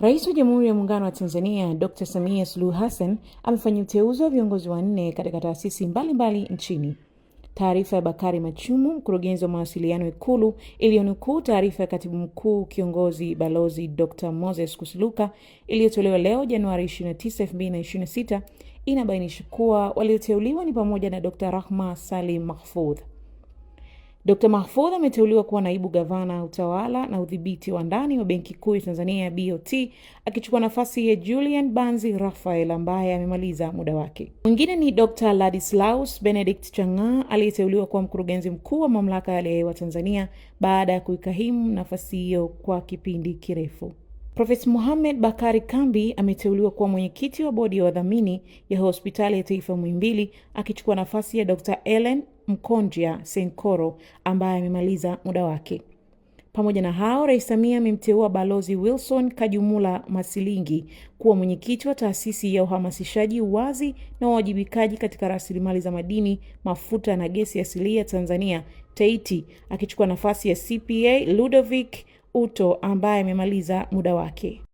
Rais wa Jamhuri ya Muungano wa Tanzania Dr. Samia Suluhu Hassan amefanya uteuzi wa viongozi wanne katika taasisi mbalimbali nchini. Taarifa ya Bakari Machumu, mkurugenzi wa mawasiliano Ikulu, iliyonukuu taarifa ya katibu mkuu kiongozi Balozi Dr. Moses Kusiluka iliyotolewa leo Januari 29, 2026 inabainisha kuwa walioteuliwa ni pamoja na Dr. Rahma Salim mahfudh Dkt. Mahfoudh ameteuliwa kuwa naibu gavana utawala na udhibiti wa ndani wa Benki Kuu ya Tanzania ya BOT akichukua nafasi ya Julian Banzi rafael ambaye amemaliza muda wake. Mwingine ni Dkt. Ladislaus Benedict changa aliyeteuliwa kuwa mkurugenzi mkuu wa Mamlaka ya Hali ya Hewa Tanzania baada ya kuikahimu nafasi hiyo kwa kipindi kirefu. Profes Mohamed Bakari Kambi ameteuliwa kuwa mwenyekiti wa bodi ya wadhamini ya hospitali ya taifa Muhimbili akichukua nafasi ya Dr. Ellen mkonjia Senkoro ambaye amemaliza muda wake. Pamoja na hao, Rais Samia amemteua Balozi Wilson Kajumula Masilingi kuwa mwenyekiti wa taasisi ya uhamasishaji uwazi na uwajibikaji katika rasilimali za madini, mafuta na gesi asilia Tanzania TAITI, akichukua nafasi ya CPA Ludovic Uto ambaye amemaliza muda wake.